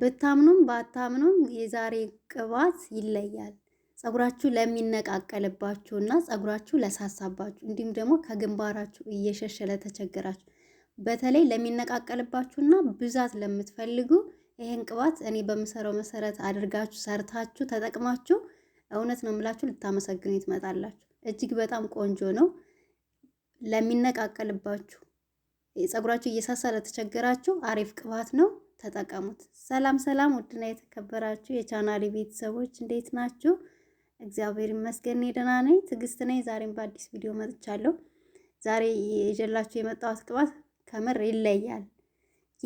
ብታምኑም ባታምኑም የዛሬ ቅባት ይለያል። ፀጉራችሁ ለሚነቃቀልባችሁ እና ፀጉራችሁ ለሳሳባችሁ እንዲሁም ደግሞ ከግንባራችሁ እየሸሸ ለተቸገራችሁ በተለይ ለሚነቃቀልባችሁና ብዛት ለምትፈልጉ ይህን ቅባት እኔ በምሰራው መሰረት አድርጋችሁ ሰርታችሁ ተጠቅማችሁ እውነት ነው የምላችሁ ልታመሰግኑ ትመጣላችሁ። እጅግ በጣም ቆንጆ ነው። ለሚነቃቀልባችሁ ጸጉራችሁ እየሳሳ ለተቸገራችሁ አሪፍ ቅባት ነው። ተጠቀሙት። ሰላም ሰላም! ውድና የተከበራችሁ የቻናል ቤተሰቦች እንዴት ናችሁ? እግዚአብሔር ይመስገን እኔ ደህና ነኝ። ትዕግስት ነኝ። ዛሬም በአዲስ ቪዲዮ መጥቻለሁ። ዛሬ የጀላችሁ የመጣሁት ቅባት ከምር ይለያል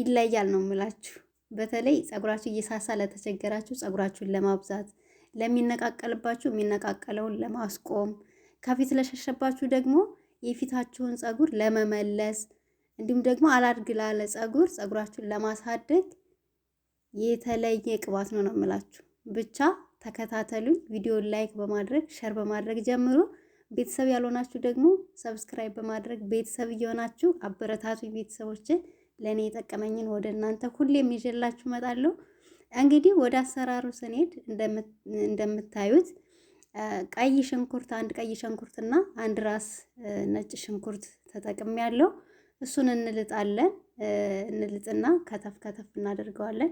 ይለያል ነው የምላችሁ። በተለይ ጸጉራችሁ እየሳሳ ለተቸገራችሁ ጸጉራችሁን ለማብዛት ለሚነቃቀልባችሁ የሚነቃቀለውን ለማስቆም ከፊት ለሸሸባችሁ ደግሞ የፊታችሁን ጸጉር ለመመለስ እንዲሁም ደግሞ አላድግ ላለ ጸጉር ጸጉራችሁን ለማሳደግ የተለየ ቅባት ነው ነው የምላችሁ። ብቻ ተከታተሉኝ። ቪዲዮን ላይክ በማድረግ ሸር በማድረግ ጀምሮ ቤተሰብ ያልሆናችሁ ደግሞ ሰብስክራይብ በማድረግ ቤተሰብ እየሆናችሁ አበረታቱ። ቤተሰቦችን ለእኔ የጠቀመኝን ወደ እናንተ ሁሌም ይዤላችሁ እመጣለሁ። እንግዲህ ወደ አሰራሩ ስንሄድ እንደምታዩት ቀይ ሽንኩርት አንድ ቀይ ሽንኩርትና አንድ ራስ ነጭ ሽንኩርት ተጠቅሜያለሁ። እሱን እንልጣለን። እንልጥና ከተፍ ከተፍ እናደርገዋለን።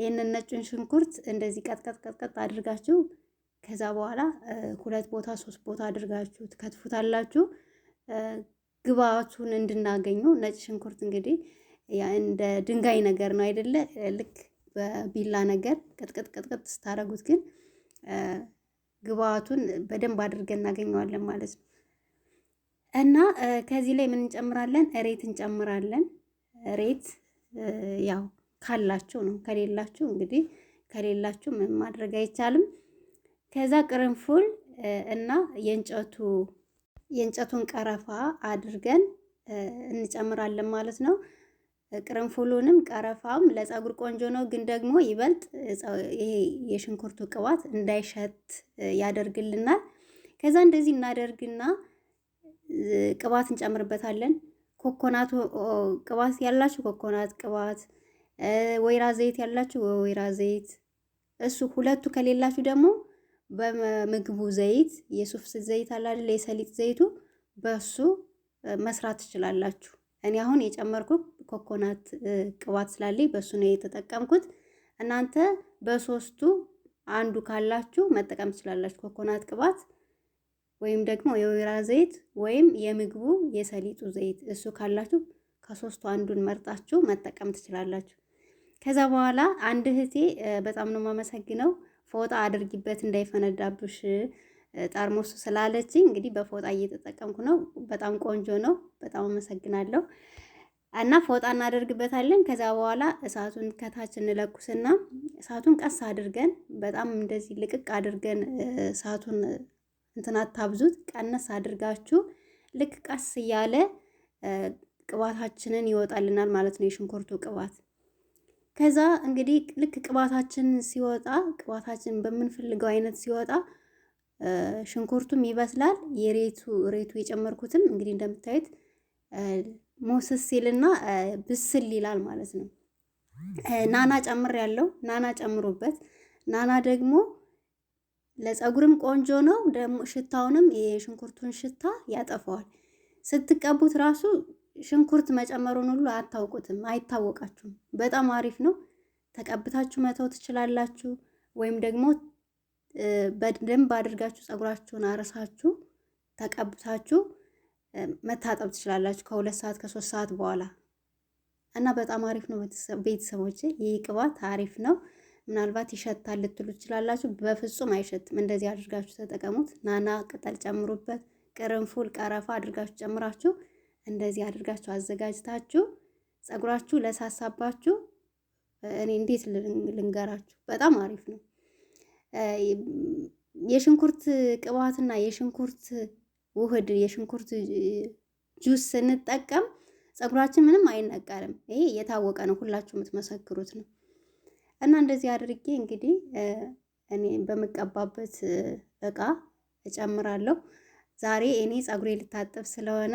ይህንን ነጩን ሽንኩርት እንደዚህ ቀጥቀጥ ቀጥቀጥ አድርጋችሁ ከዛ በኋላ ሁለት ቦታ ሶስት ቦታ አድርጋችሁ ትከትፉታላችሁ። ግብአቱን እንድናገኙ ነጭ ሽንኩርት እንግዲህ እንደ ድንጋይ ነገር ነው አይደለ? ልክ በቢላ ነገር ቅጥቅጥ ቅጥቅጥ ስታደርጉት ግን ግብአቱን በደንብ አድርገን እናገኘዋለን ማለት ነው። እና ከዚህ ላይ ምን እንጨምራለን? ሬት እንጨምራለን። ሬት ያው ካላችሁ ነው፣ ከሌላችሁ እንግዲህ ከሌላችሁ ምን ማድረግ አይቻልም። ከዛ ቅርንፉል እና የእንጨቱ የእንጨቱን ቀረፋ አድርገን እንጨምራለን ማለት ነው። ቅርንፉሉንም ቀረፋም ለፀጉር ቆንጆ ነው፣ ግን ደግሞ ይበልጥ ይሄ የሽንኩርቱ ቅባት እንዳይሸት ያደርግልናል። ከዛ እንደዚህ እናደርግና ቅባት እንጨምርበታለን። ኮኮናት ቅባት ያላችሁ ኮኮናት ቅባት፣ ወይራ ዘይት ያላችሁ ወይራ ዘይት። እሱ ሁለቱ ከሌላችሁ ደግሞ በምግቡ ዘይት የሱፍ ዘይት አላለ የሰሊጥ ዘይቱ በሱ መስራት ትችላላችሁ። እኔ አሁን የጨመርኩት ኮኮናት ቅባት ስላለኝ በሱ ነው የተጠቀምኩት። እናንተ በሶስቱ አንዱ ካላችሁ መጠቀም ትችላላችሁ። ኮኮናት ቅባት ወይም ደግሞ የወይራ ዘይት ወይም የምግቡ የሰሊጡ ዘይት እሱ ካላችሁ ከሶስቱ አንዱን መርጣችሁ መጠቀም ትችላላችሁ። ከዛ በኋላ አንድ እህቴ በጣም ነው የማመሰግነው ፎጣ አድርጊበት እንዳይፈነዳብሽ ጠርሙሱ ስላለች እንግዲህ በፎጣ እየተጠቀምኩ ነው። በጣም ቆንጆ ነው። በጣም አመሰግናለሁ። እና ፎጣ እናደርግበታለን። ከዛ በኋላ እሳቱን ከታች እንለኩስና እሳቱን ቀስ አድርገን በጣም እንደዚህ ልቅቅ አድርገን እሳቱን እንትን አታብዙት፣ ቀነስ አድርጋችሁ ልክ ቀስ እያለ ቅባታችንን ይወጣልናል ማለት ነው፣ የሽንኩርቱ ቅባት። ከዛ እንግዲህ ልክ ቅባታችን ሲወጣ ቅባታችን በምንፈልገው አይነት ሲወጣ ሽንኩርቱም ይበስላል። የሬቱ ሬቱ የጨመርኩትም እንግዲህ እንደምታዩት ሞስስ ሲልና ብስል ይላል ማለት ነው። ናና ጨምር ያለው ናና ጨምሩበት። ናና ደግሞ ለፀጉርም ቆንጆ ነው። ደግሞ ሽታውንም የሽንኩርቱን ሽታ ያጠፋዋል። ስትቀቡት ራሱ ሽንኩርት መጨመሩን ሁሉ አታውቁትም፣ አይታወቃችሁም። በጣም አሪፍ ነው። ተቀብታችሁ መተው ትችላላችሁ። ወይም ደግሞ በደንብ አድርጋችሁ ፀጉራችሁን አርሳችሁ ተቀብታችሁ መታጠብ ትችላላችሁ ከሁለት ሰዓት ከሶስት ሰዓት በኋላ እና በጣም አሪፍ ነው ቤተሰቦች ይህ ቅባት አሪፍ ነው። ምናልባት ይሸታል ልትሉ ትችላላችሁ። በፍጹም አይሸትም። እንደዚህ አድርጋችሁ ተጠቀሙት። ናና ቅጠል ጨምሩበት፣ ቅርንፉል፣ ቀረፋ አድርጋችሁ ጨምራችሁ እንደዚህ አድርጋችሁ አዘጋጅታችሁ ጸጉራችሁ ለሳሳባችሁ እኔ እንዴት ልንገራችሁ፣ በጣም አሪፍ ነው። የሽንኩርት ቅባትና የሽንኩርት ውህድ የሽንኩርት ጁስ ስንጠቀም ጸጉራችን ምንም አይነቀርም። ይሄ የታወቀ ነው፣ ሁላችሁ የምትመሰክሩት ነው። እና እንደዚህ አድርጌ እንግዲህ እኔ በምቀባበት እቃ እጨምራለሁ። ዛሬ እኔ ፀጉሬ ልታጠብ ስለሆነ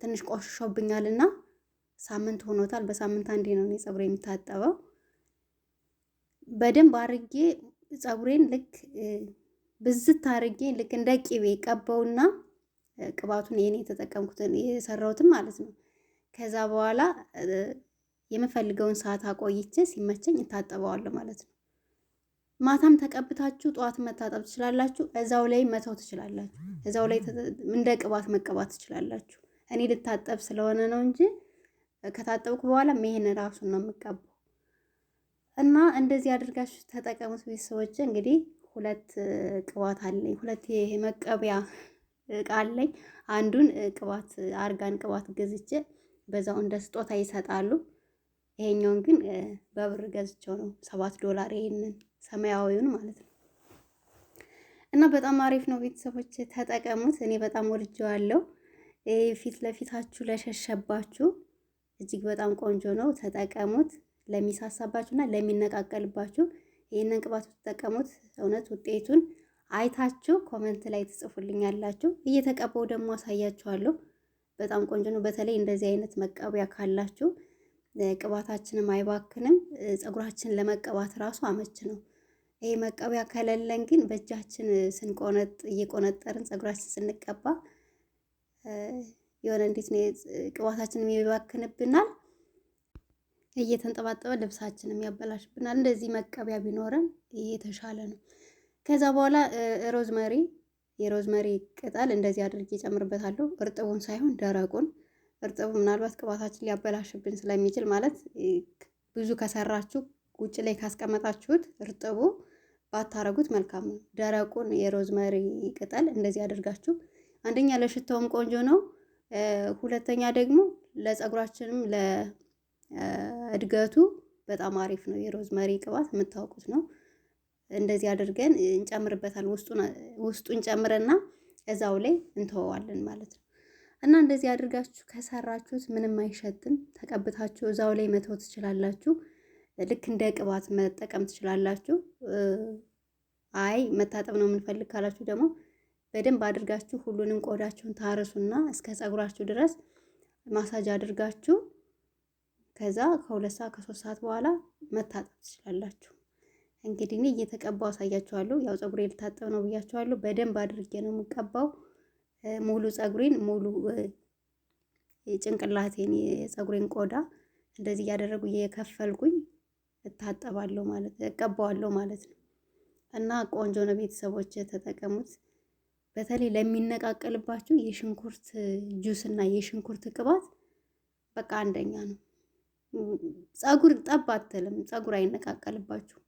ትንሽ ቆሽሾብኛልና ሳምንት ሆኖታል። በሳምንት አንዴ ነው እኔ ፀጉሬ የምታጠበው። በደንብ አርጌ ፀጉሬን ልክ ብዝት አርጌ ልክ እንደ ቂቤ ቀባውና ቅባቱን የኔ የተጠቀምኩትን የሰራሁትን ማለት ነው። ከዛ በኋላ የምፈልገውን ሰዓት አቆይቼ ሲመቸኝ እታጠበዋለሁ ማለት ነው። ማታም ተቀብታችሁ ጠዋት መታጠብ ትችላላችሁ። እዛው ላይ መተው ትችላላችሁ። እዛው ላይ እንደ ቅባት መቀባት ትችላላችሁ። እኔ ልታጠብ ስለሆነ ነው እንጂ ከታጠብኩ በኋላ ይሄን ራሱን ነው የምቀባው። እና እንደዚህ አድርጋችሁ ተጠቀሙት ቤተሰቦች። እንግዲህ ሁለት ቅባት አለኝ፣ ሁለት ይሄ መቀቢያ እቃ አለኝ። አንዱን ቅባት አርጋን ቅባት ገዝቼ በዛው እንደ ስጦታ ይሰጣሉ። ይሄኛውን ግን በብር ገዝቼው ነው ሰባት ዶላር ይሄንን ሰማያዊውን ማለት ነው። እና በጣም አሪፍ ነው። ቤተሰቦች ተጠቀሙት። እኔ በጣም ወድጄዋለሁ። ፊት ለፊታችሁ ለሸሸባችሁ እጅግ በጣም ቆንጆ ነው። ተጠቀሙት። ለሚሳሳባችሁ እና ለሚነቃቀልባችሁ ይህንን ቅባት ተጠቀሙት። እውነት ውጤቱን አይታችሁ ኮመንት ላይ ትጽፉልኛላችሁ። እየተቀባው ደግሞ አሳያችኋለሁ። በጣም ቆንጆ ነው። በተለይ እንደዚህ አይነት መቀቢያ ካላችሁ ቅባታችንም አይባክንም። ፀጉራችን ለመቀባት ራሱ አመች ነው። ይሄ መቀቢያ ከሌለን ግን በእጃችን ስንቆነጥ እየቆነጠርን ፀጉራችን ስንቀባ የሆነ እንዴት ነው ቅባታችንም ይባክንብናል፣ እየተንጠባጠበ ልብሳችንም ያበላሽብናል። እንደዚህ መቀቢያ ቢኖረን የተሻለ ነው። ከዛ በኋላ ሮዝመሪ የሮዝመሪ ቅጠል እንደዚህ አድርጌ እጨምርበታለሁ። እርጥቡን ሳይሆን ደረቁን እርጥቡ ምናልባት ቅባታችን ሊያበላሽብን ስለሚችል ማለት ብዙ ከሰራችሁ ውጭ ላይ ካስቀመጣችሁት እርጥቡ ባታረጉት መልካም ነው። ደረቁን የሮዝመሪ ቅጠል እንደዚህ አድርጋችሁ አንደኛ ለሽታውም ቆንጆ ነው። ሁለተኛ ደግሞ ለፀጉራችንም ለእድገቱ በጣም አሪፍ ነው። የሮዝመሪ ቅባት የምታውቁት ነው። እንደዚህ አድርገን እንጨምርበታል። ውስጡን ጨምረና እዛው ላይ እንተወዋለን ማለት ነው። እና እንደዚህ አድርጋችሁ ከሰራችሁት ምንም አይሸትም። ተቀብታችሁ እዛው ላይ መተው ትችላላችሁ። ልክ እንደ ቅባት መጠቀም ትችላላችሁ። አይ መታጠብ ነው የምንፈልግ ካላችሁ ደግሞ በደንብ አድርጋችሁ ሁሉንም ቆዳችሁን ታርሱና እስከ ፀጉራችሁ ድረስ ማሳጅ አድርጋችሁ ከዛ ከሁለት ሰዓት ከሶስት ሰዓት በኋላ መታጠብ ትችላላችሁ። እንግዲህ እኔ እየተቀባው አሳያችኋለሁ። ያው ፀጉሬ ልታጠብ ነው ብያችኋለሁ። በደንብ አድርጌ ነው የምቀባው። ሙሉ ፀጉሬን ሙሉ ጭንቅላቴን የጸጉሬን ቆዳ እንደዚህ እያደረጉ እየከፈልኩኝ እታጠባለሁ ማለት እቀባዋለሁ ማለት ነው። እና ቆንጆ ነው ቤተሰቦች ተጠቀሙት። በተለይ ለሚነቃቀልባችሁ የሽንኩርት ጁስ እና የሽንኩርት ቅባት በቃ አንደኛ ነው። ፀጉር ጠብ አትልም፣ ፀጉር አይነቃቀልባችሁም።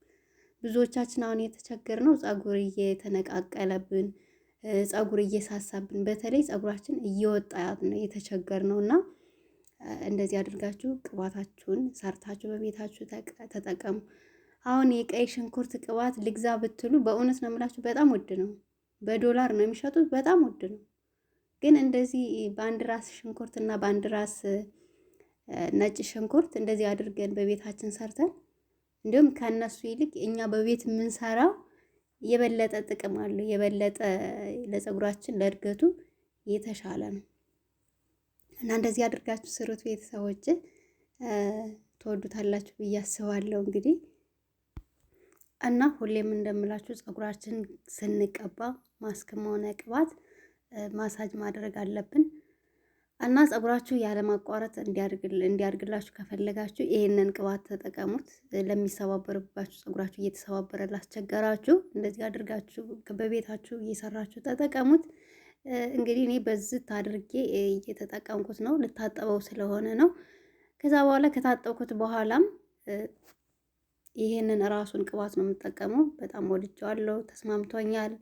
ብዙዎቻችን አሁን የተቸገር ነው ፀጉር እየተነቃቀለብን ፀጉር እየሳሳብን በተለይ ፀጉራችን እየወጣ የተቸገር ነው እና እንደዚህ አድርጋችሁ ቅባታችሁን ሰርታችሁ በቤታችሁ ተጠቀሙ። አሁን የቀይ ሽንኩርት ቅባት ልግዛ ብትሉ በእውነት ነው የምላችሁ በጣም ውድ ነው። በዶላር ነው የሚሸጡት፣ በጣም ውድ ነው። ግን እንደዚህ በአንድ ራስ ሽንኩርት እና በአንድ ራስ ነጭ ሽንኩርት እንደዚህ አድርገን በቤታችን ሰርተን እንዲሁም ከእነሱ ይልቅ እኛ በቤት የምንሰራው የበለጠ ጥቅም አለው። የበለጠ ለፀጉራችን ለእድገቱ የተሻለ ነው እና እንደዚህ አድርጋችሁ ስሩት ቤተሰቦች፣ ትወዱታላችሁ ብዬ አስባለሁ። እንግዲህ እና ሁሌም እንደምላችሁ ፀጉራችን ስንቀባ ማስክም ሆነ ቅባት ማሳጅ ማድረግ አለብን። እና ፀጉራችሁ ያለማቋረጥ እንዲያድግላችሁ ከፈለጋችሁ ይህንን ቅባት ተጠቀሙት። ለሚሰባበርባችሁ ፀጉራችሁ እየተሰባበረ ላስቸገራችሁ እንደዚህ አድርጋችሁ በቤታችሁ እየሰራችሁ ተጠቀሙት። እንግዲህ እኔ በዝት አድርጌ እየተጠቀምኩት ነው፣ ልታጠበው ስለሆነ ነው። ከዛ በኋላ ከታጠብኩት በኋላም ይህንን ራሱን ቅባት ነው የምጠቀመው። በጣም ወድጀዋለሁ፣ ተስማምቶኛል።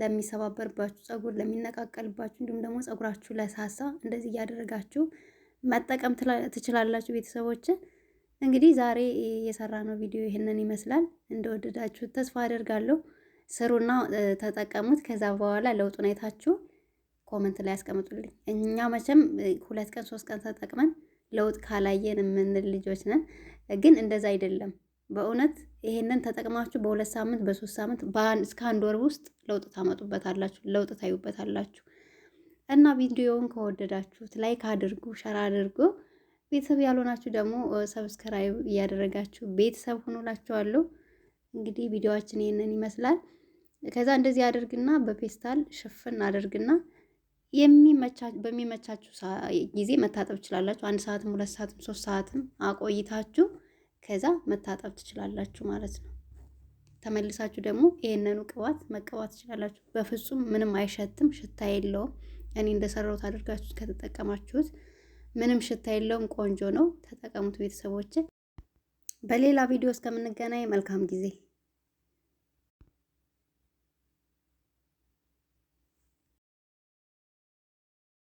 ለሚሰባበርባችሁ ፀጉር፣ ለሚነቃቀልባችሁ እንዲሁም ደግሞ ፀጉራችሁ ለሳሳ እንደዚህ እያደረጋችሁ መጠቀም ትችላላችሁ። ቤተሰቦችን እንግዲህ ዛሬ የሰራነው ቪዲዮ ይህንን ይመስላል። እንደወደዳችሁ ተስፋ አደርጋለሁ። ስሩና ተጠቀሙት። ከዛ በኋላ ለውጡን አይታችሁ ኮመንት ላይ ያስቀምጡልኝ። እኛ መቼም ሁለት ቀን ሶስት ቀን ተጠቅመን ለውጥ ካላየን የምንል ልጆች ነን፣ ግን እንደዛ አይደለም። በእውነት ይሄንን ተጠቅማችሁ በሁለት ሳምንት በሶስት ሳምንት እስከ አንድ ወር ውስጥ ለውጥ ታመጡበታላችሁ፣ ለውጥ ታዩበታላችሁ። እና ቪዲዮውን ከወደዳችሁት ላይክ አድርጉ፣ ሸር አድርጉ። ቤተሰብ ያልሆናችሁ ደግሞ ሰብስክራይብ እያደረጋችሁ ቤተሰብ ሆኖላችኋለሁ። እንግዲህ ቪዲዮዋችን ይህንን ይመስላል። ከዛ እንደዚህ አድርግና በፔስታል ሽፍን አድርግና በሚመቻችሁ ጊዜ መታጠብ ትችላላችሁ። አንድ ሰዓትም ሁለት ሰዓትም ሶስት ሰዓትም አቆይታችሁ ከዛ መታጠብ ትችላላችሁ ማለት ነው። ተመልሳችሁ ደግሞ ይህንኑ ቅባት መቀባት ትችላላችሁ። በፍጹም ምንም አይሸትም፣ ሽታ የለውም። እኔ እንደሰራሁት አድርጋችሁ ከተጠቀማችሁት ምንም ሽታ የለውም። ቆንጆ ነው፣ ተጠቀሙት ቤተሰቦች። በሌላ ቪዲዮ እስከምንገናኝ መልካም ጊዜ